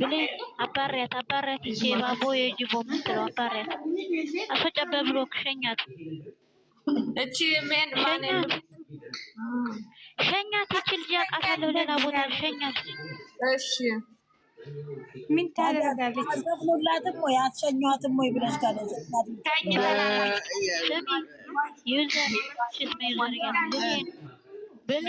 ብሌ አባሪያት አባሪያት እንጂ ባቦ የጅቦ ምትለው አባሪያት አፈጨበ ብሎ ሸኛት። እቺ ምን ማን ሸኛት? እቺ ልጅ አውቃታለሁ፣ ሌላ ቦታ ሸኛት። እሺ ምን ታደርጋለች? አዘፍኑላትም ወይ አትሸኟትም ወይ ብለሽ ብሌ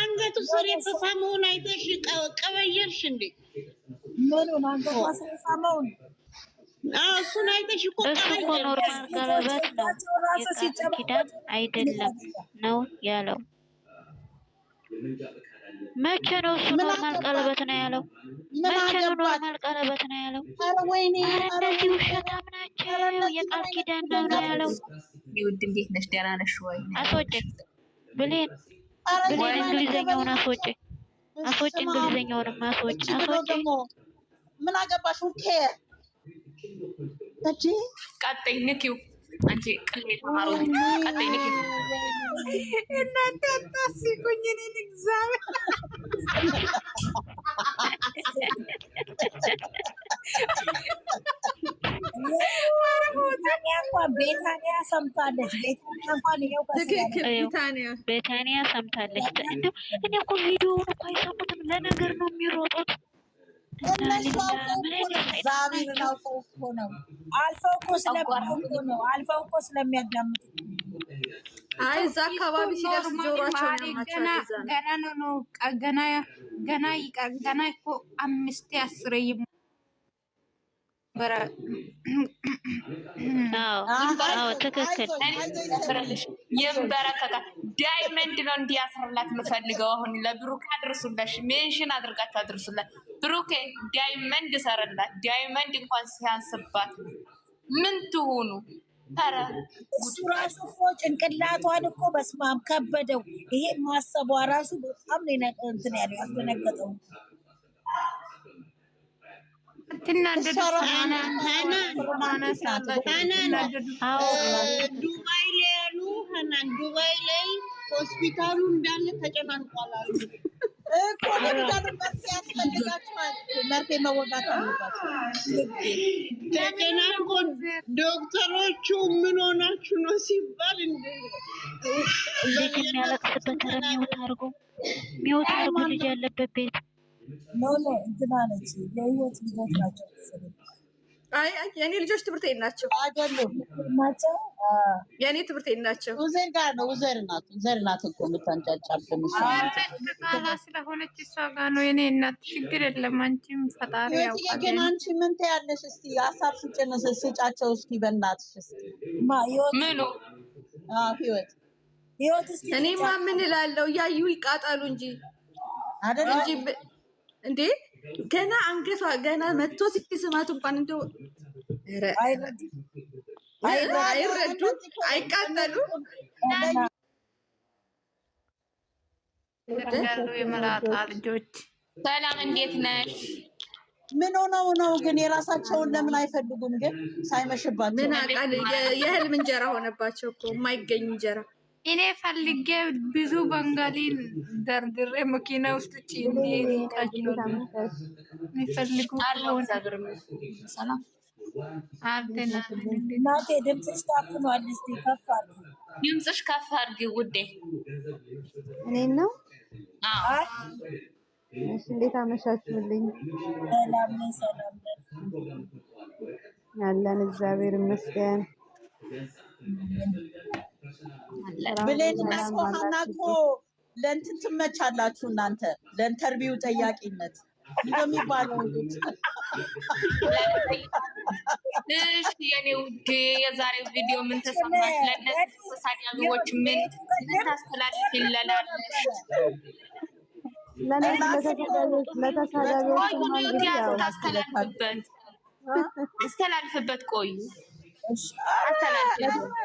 አንገቱ ስር የተሳመውን አይተሽ ቀበየርሽ እንዴ? ምኑን አንገቷ ስር የሳመውን? እሱን አይተሽ እኮ ኖርማል ቀለበት ነው የቃል ኪዳን አይደለም ነው ያለው። መቼ ነው እሱ ኖርማል ቀለበት ነው ያለው? መቼ ነው ኖርማል ቀለበት ነው ያለው? እነዚህ ውሸታም ናቸው። የቃል ኪዳን ነው ነው ያለው። ውድ እንዴት ነሽ? ደህና ነሽ ወይ? አስወደድ ብሌን ወይ እንግሊዘኛውን አስወጪ አስወጪ፣ እንግሊዘኛውንም አስወጪ አስወጪ። ምን አገባሽ? ኦኬ ታጂ ቀጥይ፣ ንኪው አንቺ ቅሌት ማሩ ቀጥይ፣ ንኪው። እናንተ አታስቁኝ እኔን እግዚአብሔር ቤታንያ ሰምታለች። ቤታንያ ሰምታለች። እንደው እኔ እኮ ቪዲዮውን እኮ አይሰሙትም። ለነገር ነው የሚሮጡት። አይ እዛ አካባቢ ሲደርስ ጆሯቸውን ገና ነው ገና ገና ገና እኮ አምስቴ አስረ ትክክል ይንበረከካል። ዳይመንድ ነው እንዲያስርላት የምፈልገው አሁን ለብሩክ አድርሱላሽ፣ ሜንሽን አድርጋችሁ አድርሱላት። ብሩኬ ዳይመንድ ሰርላት። ዳይመንድ እንኳን ሲያንስባት ምን ትሆኑ? ኧረ እሱ ራሱ እኮ ጭንቅላቷን እኮ በስመ አብ ከበደው። ይሄ ማሰቧ ራሱ በጣም እንትን ያለው ያስደነገጠው ዱባይ ላይ ያሉ ሀናን ዱባይ ላይ ሆስፒታሉ እንዳለ ተጨናንቋል አሉ እኮ ያስፈልጋቸዋል። መርፌ መወጋት አለባቸው። ተጨናንቆ ዶክተሮቹ ምን ሆናችሁ ነው ሲባል እንዴት የሚያለቅስበት ሚውት አድርጎ ሚውት አድርጎ ልጅ ያለበት ቤት ኖ እንትና ነች የህይወት ልጆች ናቸው መሰለኝ። ልጆች ትምህርት ናቸው አይደሉም ናቸው የእኔ ትምህርት ናቸው። ውዘር ጋር ነው ውዘር ናት ውዘር ናት እኮ የምታንጫጫብን ባላ ስለሆነች እሷ ጋር ነው የኔ እናት። ችግር የለም አንቺም ፈጣሪ ያውቃል። ግን አንቺ ምን ትያለሽ? እስቲ ሀሳብ ስጭንስ ስጫቸው እስኪ በእናትሽ ምኑ ህይወት ህይወት እኔማ ምን እላለሁ እያዩ ይቃጠሉ እንጂ አይደለም እንጂ እንዴ ገና አንገቷ ገና መቶ ሲስማት እንኳን እንደ አይረዱ አይቃጠሉ የመላጣ ልጆች። ሰላም እንዴት ነሽ? ምን ሆነው ነው ግን የራሳቸውን ለምን አይፈልጉም? ግን ሳይመሽባቸው ምን አውቃል። የህልም እንጀራ ሆነባቸው እኮ የማይገኝ እንጀራ እኔ ፈልጌ ብዙ በንጋሊ ደርድሬ መኪና ውስጥ ጭኔ ድምፅሽ ከፍ አድርጊ ውዴ። እኔን ነው? እንዴት አመሻችሁልኝ? አለን እግዚአብሔር ይመስገን። ብሌን መስፋሃና እኮ ለእንትን ትመቻላችሁ እናንተ ለኢንተርቪው ጠያቂነት እንደሚባለው እሺ የኔ ውድ የዛሬው ቪዲዮ ምን ተሰማሽ? ለእነዚህ ተሳሳቢ ምን ታስተላልፍ ይለናል? አስተላልፍበት ቆዩ አስተላልፍበት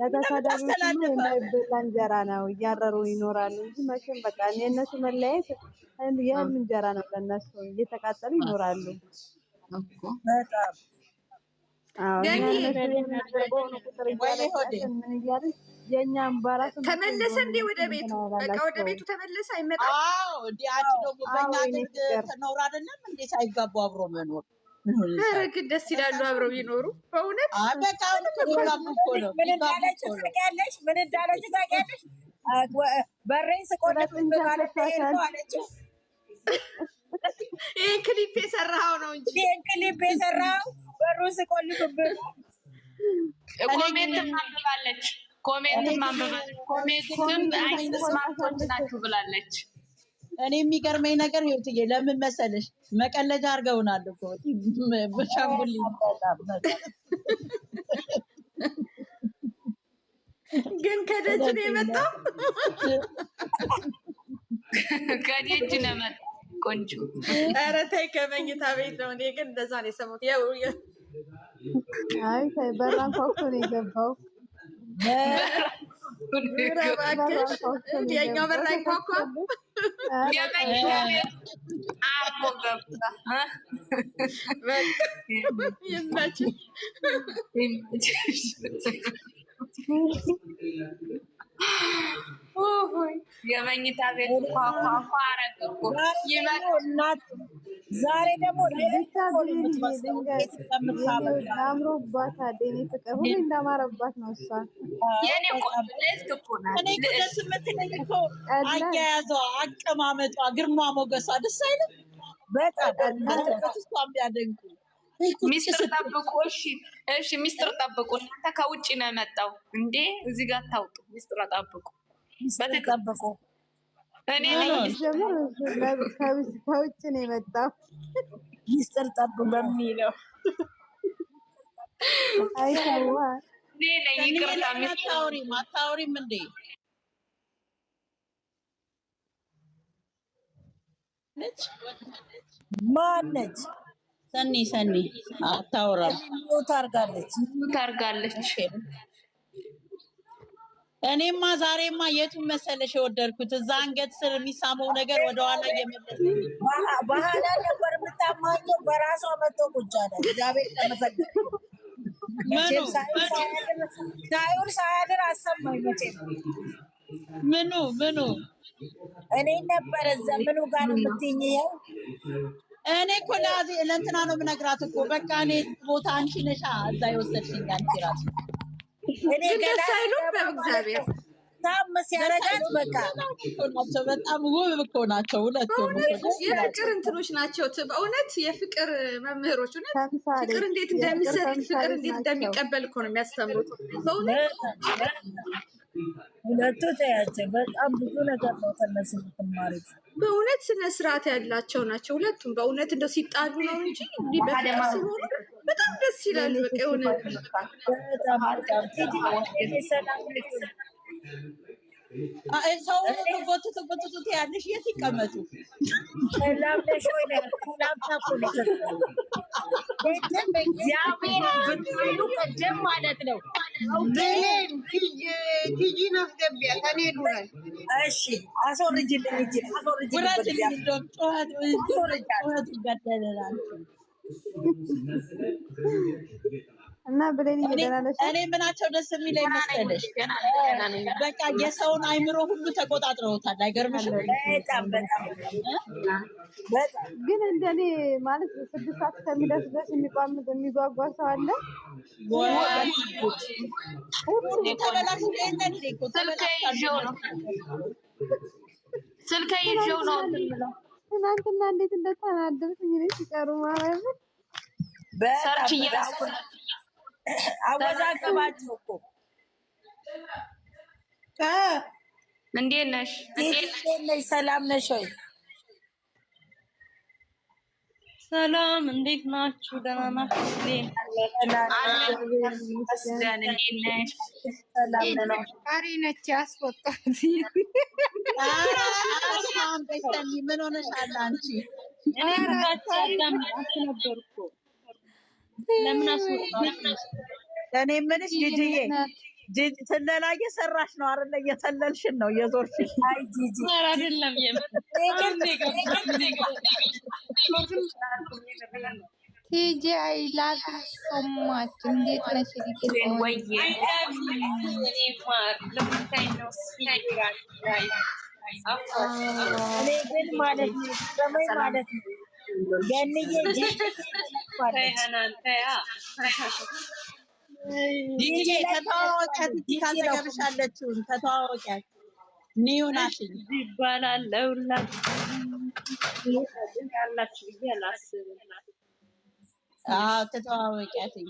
ለተሳዳቢዎች የማይበላ እንጀራ ነው። እያረሩ ይኖራሉ እንጂ መቼም በቃ የእነሱ መለያየት የህልም እንጀራ ነው ለእነሱ። እየተቃጠሉ ይኖራሉ። ተመለሰ እንዴ? ወደ ቤቱ በቃ ወደ ቤቱ ተመለሰ። አይመጣም እንዲ አንቺ ደግሞ በኛ ትኖር አይደለም እንዴ? ሳይጋቡ አብሮ መኖር ደስ ይላሉ አብረው ቢኖሩ በእውነት ምን እንዳለች ታውቂያለሽ? ምን ታውቂያለሽ? በሬን ስቆልፍ አለችው። ይህን ክሊፕ ነው እንጂ ይህን ክሊፕ በሩን ኮሜንት ማንብባለች። ኮሜንት ማንብባለች። ኮሜንትም አይነት ስማርቶች ናችሁ ብላለች። እኔ የሚገርመኝ ነገር ህይወትዬ ለምን መሰለሽ መቀለጃ አድርገውናል እኮ በሻንጉሊን ግን ከደጅ ነው የመጣው። ከደጅ ነው የመጣው። ቆንጆ ኧረ ተይ፣ ከመኝታ ቤት ነው። እኔ ግን እንደዛ ነው የሰሙት። አይ ተይ፣ በራን ኳኩቶ ነው የገባው። የኛው በር አይኳኳም። የመኝታ ቤት ኳኳኳ አረገ። ዛሬ ደግሞ አምሮባታል። የእኔ ፍቅር ሁሉ እንዳማረባት ነው። እሷ አያያዟ፣ አቀማመጧ፣ ግርማ ሞገሷ ደስ አይልም? በጣም ሚስጥር ጠብቁ። እናንተ ከውጭ ነው የመጣው እንዴ? እዚህ ጋር ታውጡ። ሚስጥር ጠብቁ፣ በተጠበቁ ከውጭ ነው የመጣው ሚስጥር ጠብ በሚለው አታውሪም ማነች? ሰኒ ሰኒ አታውራም ታርጋለች ታርጋለች እኔማ ዛሬማ የቱን መሰለሽ የወደድኩት እዛ አንገት ስር የሚሳመው ነገር ወደኋላ እየመለስ ባህላ ነበር የምታማኘው። በራሷ መቶ ቁጭ አለ። እግዚአብሔር ሳያድር አሰማኝ። መቼ ምኑ ምኑ እኔ ነበር እዛ ምኑ ጋር የምትኝ ያው እኔ እኮ ለእንትና ነው የምነግራት እኮ በቃ እኔ ቦታ አንቺ ነሻ እዛ የወሰድሽኝ አንቺ እራሱ ታም ሲያረጋት በቃ በጣም ውብ እኮ ናቸው። የፍቅር እንትኖች ናቸው። በእውነት የፍቅር መምህሮች ፍቅር እንዴት እንደሚሰጥ ፍቅር እንዴት እንደሚቀበል እኮ ነው የሚያስተምሩት። በእውነት ሁለቱ ተያቸው በጣም ብዙ ነገር ነው ከነሱ በእውነት ስነ ስርዓት ያላቸው ናቸው ሁለቱም። በእውነት እንደው ሲጣሉ ነው እንጂ ሲሆኑ በጣም ደስ ይላል። በቃ የሆነ ሰው ጎትቶ ጎትቶ ያለሽ የት ይቀመጡ ማለት ነው። ቲጂን አስገቢያ ከኔ ዱራል እሺ፣ አስወርጅልኝ እና ብለን እኔ ምናቸው ደስ የሚለኝ መሰለሽ፣ በቃ የሰውን አይምሮ ሁሉ ተቆጣጥረውታል። አይገርምሽም? ግን እንደኔ ማለት ስድስት ሰዓት ከሚደርስ ድረስ የሚቋምጥ የሚጓጓ ሰው አለ። ስልከ ይዤው ነው ትናንትና እንዴት እንደተናደድኩ እንግዲህ ሲቀሩ ማለት ነው። ሰርች አወዛገባችሁ እኮ እንዴት ነሽ? ሰላም ነሽ ወይ? ሰላም እንዴት ናችሁ? ደህና ናችሁ? ሰላም ነች። አስወጣት ምን ሆነሻል አንቺ? እኔ ምንሽ ጂጂዬ ስለላ እየሰራሽ ነው አይደለ? እየሰለልሽን ነው እየዞርሽ። ቲጂ አይ ላቭ ሶ እንዴት ነሽ? ወይዬ እኔ ግን ማለት ነው በመይ ማለት ነው ገንዬ ተተዋወቂያት ተተዋወቂያት ኒዩናሽኝ ይባላል። ሁላችሁ ያላችሁ ብዬ አላስብም። ተተዋወቂያትኝ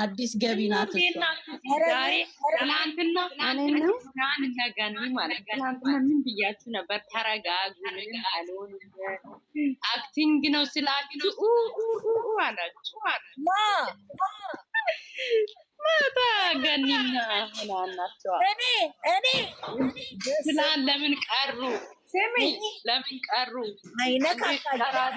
አዲስ ገቢ ናት። ትናንትና ምን ብያችሁ ነበር? ተረጋጉ፣ አክቲንግ ነው ስላችሁ አላችሁ። ማታ ገኒና እኔ ትናንት ለምን ቀሩ? ለምን ቀሩ? አይነካራሉ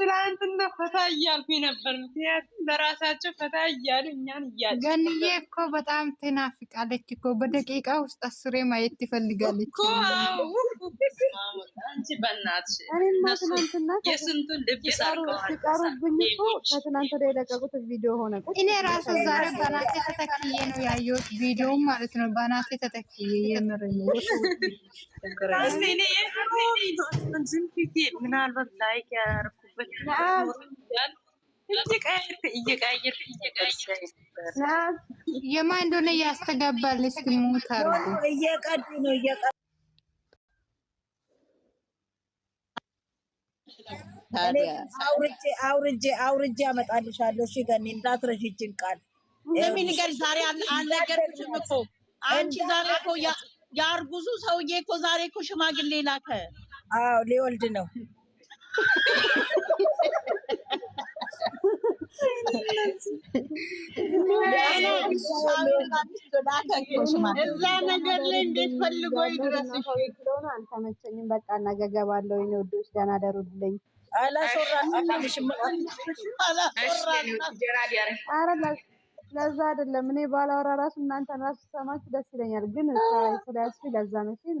ትላንትና ፈታ እያልኩ ነበር። ምክንያቱም ለራሳቸው ፈታ እያሉ እኛን እያሉ ገንዬ እኮ በጣም ትናፍቃለች እኮ በደቂቃ ውስጥ አስሬ ማየት ትፈልጋለች። አንቺ በእናትሽ የስንቱን ልብስ እኮ ከትናንት የለቀቁት ቪዲዮ ሆነ። እኔ ራሱ ዛሬ በናቴ ተተክዬ ነው ያየሁት ቪዲዮ ማለት ነው። በናቴ ተተክዬ የምር ነው። ምናልባት ላይክ ያርኩ የማን እንደሆነ እያስተጋባል እስኪ ሙት አድርጎ እየቀዱ ነው እየቀዱ አውርጄ አውርጄ አመጣልሻለሁ። እሺ ገኒ እንዳትረሺ ይችን ቃል ለሚ ንገሪ። ዛሬ አልነገርኩሽም እኮ አንቺ ዛሬ እኮ የአርጉዙ ሰውዬ እኮ ዛሬ እኮ ሽማግሌ ላከ። አዎ ሊወልድ ነው እዛ ነገር ላይ እንዴት ፈልጎ ይድረስሽ? አልተመቸኝም። በቃ ነገ እገባለሁ። ደህና ደሩልኝ። ለዛ አይደለም እኔ ባላወራ ራሱ እናንተን ራሱ ሰማችሁ ደስ ይለኛል፣ ግን ስለያዝኩኝ ለዛ መቼም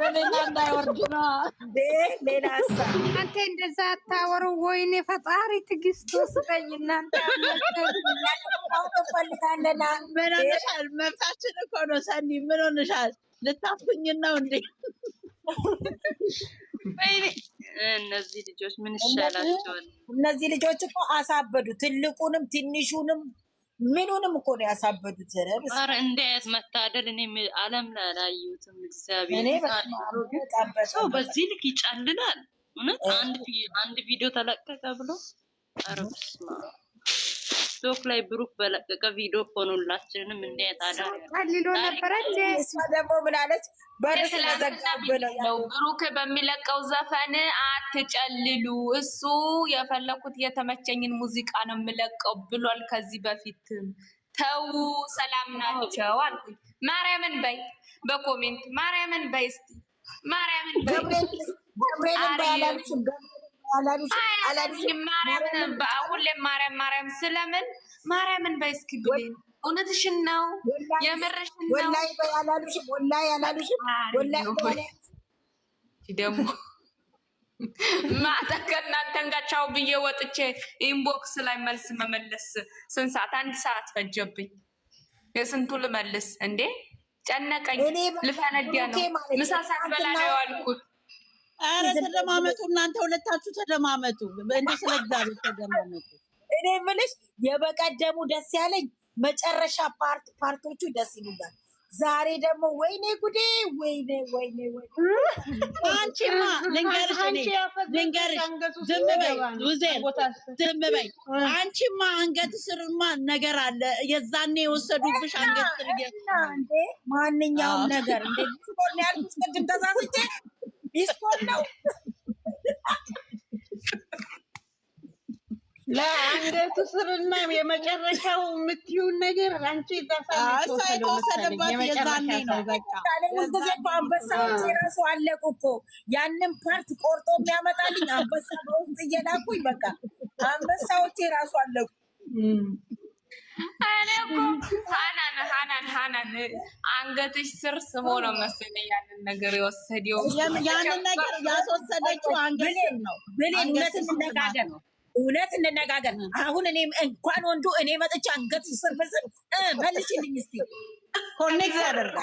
ሌላ እንደዛ አታወሩ። ወይኔ ፈጣሪ ትግስቱ ስጠኝ። እናንተ ፈልጋለና መብታችን እኮ ነው። ሰኒ ልታፍኝ ነው እንዴ? እነዚህ ልጆች ምን ይሻላቸዋል? እነዚህ ልጆች እኮ አሳበዱ። ትልቁንም ትንሹንም ምኑንም እኮ ነው ያሳበዱት። ዘረ እንደያዝ መታደል እኔ አለም ላላዩትም እግዚአብሔር ሰው በዚህ ልክ ይጫልላል። እውነት አንድ ቪዲዮ ተለቀቀ ብሎ ኧረ ቲክቶክ ላይ ብሩክ በለቀቀ ቪዲዮ እኮ ነው ሁላችንንም እንዴት አዳሊሎ ነበረ። እሷ ደግሞ ምናለች? ነው ብሩክ በሚለቀው ዘፈን አትጨልሉ፣ እሱ የፈለኩት የተመቸኝን ሙዚቃ ነው የምለቀው ብሏል። ከዚህ በፊትም ተዉ፣ ሰላም ናቸው አልኩኝ። ማርያምን በይ በኮሜንት ማርያምን በይ እስቲ ማርያምን በይ ገብርኤልን በያላችሁ ማርያምን በአሁን ማርያም ማርያም ስለምን ማርያምን በይስኪ ብሌን እውነትሽን ነው የምርሽን ነው አላሉሽም። ወላሂ አላሉሽም። ወላሂ ደግሞ ማታ ከእናንተን ጋር ቻው ብዬ ወጥቼ ኢንቦክስ ላይ መልስ መመለስ ስንት ሰዓት አንድ ሰዓት ፈጀብኝ። የስንቱ ልመልስ እንዴ ጨነቀኝ። ልፈነዳ ነው። ምሳ ሳትበላ ነው ያልኩት አረ ተደማመጡ፣ እናንተ ሁለታችሁ ተደማመጡ። እንደ ስለ እግዚአብሔር ተደማመጡ። እኔ የምልሽ የበቀደሙ ደስ ያለኝ መጨረሻ ፓርት ፓርቶቹ ደስ ይሉኛል። ዛሬ ደግሞ ወይኔ ጉዴ፣ ወይኔ ወይኔ ወይኔ። አንቺማ ልንገርሽ፣ ልንገርሽ፣ ዝም በይ ውዜ፣ ዝም በይ አንቺማ። አንገት ስርማ ነገር አለ፣ የዛኔ የወሰዱብሽ አንገት ስር ማንኛውም ነገር ቅድም ተሳስቼ ቢስኮት ነው። ለአንገቱ ስርና የመጨረሻው የምትዩን ነገር አንቺ የታሳሰደባት የዛኔ አለቁ እኮ ያንን ፓርት ቆርጦ የሚያመጣልኝ አንበሳ በውስጥ እየላኩኝ በቃ አንበሳዎች የራሱ አለቁ። ሀናን ሀናን አንገትሽ ስር ስሞ ነው መሰለኝ ያንን ነገር የወሰደው። ያንን ነገር ያስወሰደችው አንገት ነው። ብሌን እውነት እንነጋገር ነው እውነት እንነጋገር። አሁን እኔ እንኳን ወንዱ እኔ መጥቼ አንገት ስር ብስል መልሽልኝ እስኪ ኮኔክት ያደርጋ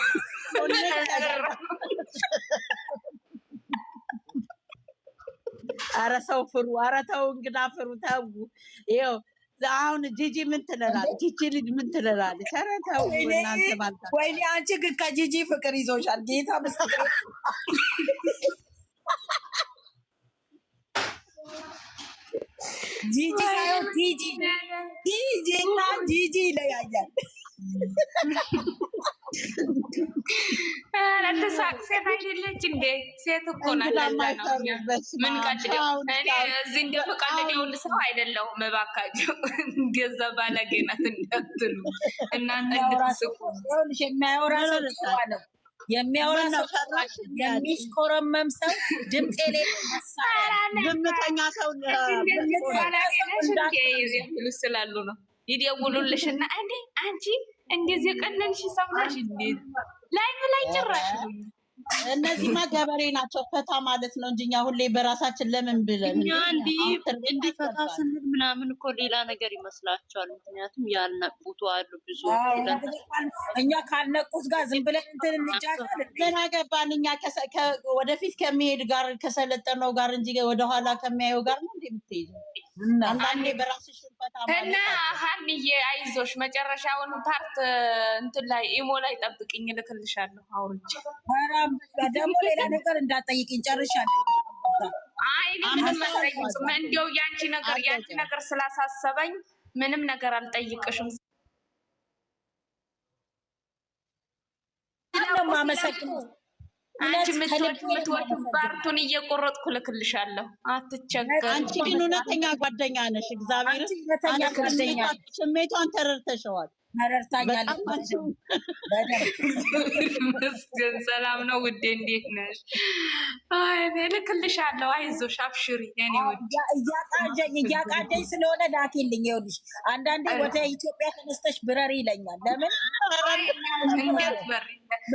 ኧረ ሰው ፍሩ፣ ኧረ ተው እንግዳ ፍሩ፣ ተው ይኸው አሁን ጂጂ ምን ትለናለች? ጂጂ ልጅ ምን ትለናለች? ኧረ ተው እናንተ ባልታ። ወይኔ አንቺ ግን ከጂጂ ፍቅር ይዞሻል። ጌታ ምስክር ጂጂ ሳይሆን ቲጂ ቲጂ እና ጂጂ ይለያያል። ለተሳቅ ሴት አይደለች እንዴ? ሴት እኮ ናት። ምን ቀልድ እኔ እዚህ እንደምቀልድ ሰው አይደለሁም። እባካችሁ እንደዛ ባለጌ ናት እንዳትሉ እናንተ እንድትስቁ የሚያወራ ነው የሚያወራ ሰው የሚሽኮረመም ሰው ድምፅ የሌለው ሰው ስላሉ ነው ይደውሉልሽና አንዴ አንቺ እንደዚህ የቀለልሽ ሰው ነሽ? እንዴት ላይ ላይ ጭራሽ እነዚህማ ገበሬ ናቸው። ፈታ ማለት ነው እንጂ እኛ ሁሌ በራሳችን ለምን ብለን እኛ እንዲህ ፈታ ስንል ምናምን እኮ ሌላ ነገር ይመስላቸዋል። ምክንያቱም ያልነቁት አሉ ብዙ እኛ ካልነቁት ጋር ዝም ብለን እንትን እንጃለን። ምን አገባን እኛ ወደፊት ከሚሄድ ጋር ከሰለጠነው ጋር እንጂ ወደኋላ ከሚያየው ጋር ነው እንዴ የምትሄጂው? አንዳንዴ እና ሀንዬ አይዞሽ መጨረሻውን ፓርት እንትን ላይ ኢሞ ላይ ጠብቅኝ፣ እልክልሻለሁ አውርጭ ደግሞ ሌላ ነገር እንዳጠይቅኝ ጨርሻለሁ። አይ ምንም አልጠይቅም። እንዲያው ያንቺ ነገር ያንቺ ነገር ስላሳሰበኝ ምንም ነገር አልጠይቅሽም። ማመሰግነው አንቺ የምትወጂው ባርቱን እየቆረጥኩ እልክልሻለሁ፣ አትቸገር። አንቺ ግን እውነተኛ ጓደኛ ነሽ። እግዚአብሔር ስሜቷን ተረድተሸዋል። መስገን ሰላም ነው ውዴ፣ እንዴት ነሽ? እልክልሻለሁ። አይዞሽ፣ አብሽሪ። እያቃደኝ ስለሆነ ላኪልኝ። ይኸውልሽ አንዳንዴ ወደ ኢትዮጵያ ተነስተሽ ብረሪ ይለኛል። ለምን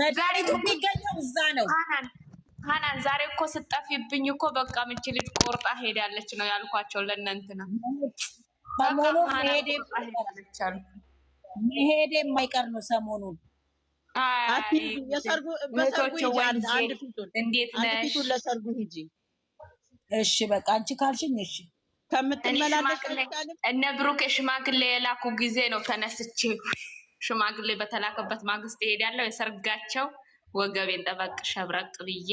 መድኃኒቱ የሚገኘው እዛ ነው። ሀናን ዛሬ እኮ ስጠፊብኝ እኮ በቃ ምች ልጅ ቆርጣ ሄዳለች ነው ያልኳቸው ለእነ እንትና መሄድ የማይቀር ነው ሰሞኑን። ለሰርጉ ሂጂ። እሺ በቃ አንቺ ካልሽኝ እሺ ከምትመላለሽ እነ ብሩክ ሽማግሌ የላኩ ጊዜ ነው ተነስቼ ሽማግሌ በተላከበት ማግስት ይሄዳለሁ። የሰርጋቸው ወገቤን ጠበቅ ሸብረቅ ብዬ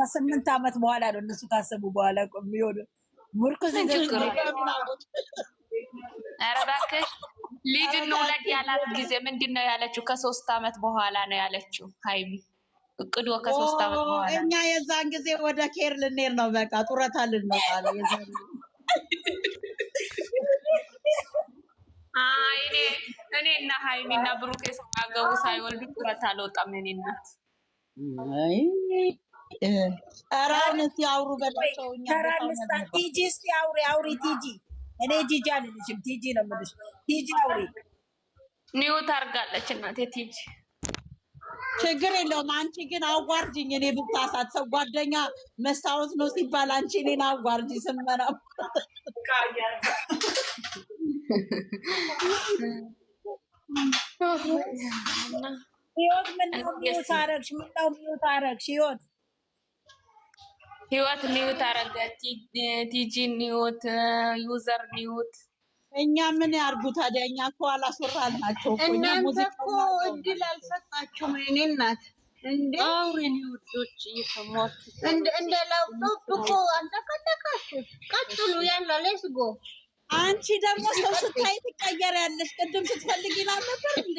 ከስምንት ዓመት በኋላ ነው እነሱ ካሰቡ በኋላ የሚሆነው። ምርኩዝ ኧረ እባክሽ ልጅ እንውለድ ያላት ጊዜ ምንድን ነው ያለችው? ከሶስት አመት በኋላ ነው ያለችው ሀይሚ እቅዱ ከሶስት አመት በኋላ እኛ የዛን ጊዜ ወደ ኬር ልንሄድ ነው፣ በቃ ጡረታ ነው። እኔ እኔ እና ሀይሚ እና ሳይወልዱ ጡረታ አልወጣም። እኔ እናት ኧረ እውነት ያውሩ ቲጂ አውሪ አውሪ ቲጂ። እኔ አልልሽም ቲጂ ነው የምልሽ። ቲጂ አውሪ ኒው ታርጋለች እናቴ ቲጂ ችግር የለውም። አንቺ ግን አዋርጅኝ። እኔ ብታሳት ሰው ጓደኛ መስታወት ነው ሲባል አንቺ እኔን አዋርጅ ህይወት ምነው ሚዩት አረግሽ? ምነው ሚዩት አረግሽ ህይወት ህይወት ኒውት አረገ ቲጂ ኒውት ዩዘር ኒውት። እኛ ምን ያርጉ ታዲያ? እኛ እኮ አላስወራል ናቸው። እናንተ እኮ እድል አልሰጣችሁም። እኔ እናት እንዴ ኒውቶች እየሰሟት እንደ ላፕቶፕ እኮ አንጠቀጠቃችሁ። ቀጥሉ ያላ ሌስ ጎ አንቺ ደግሞ ሰው ስታይ ትቀየር ያለሽ ቅድም ስትፈልግ ይላል ነበር እንዴ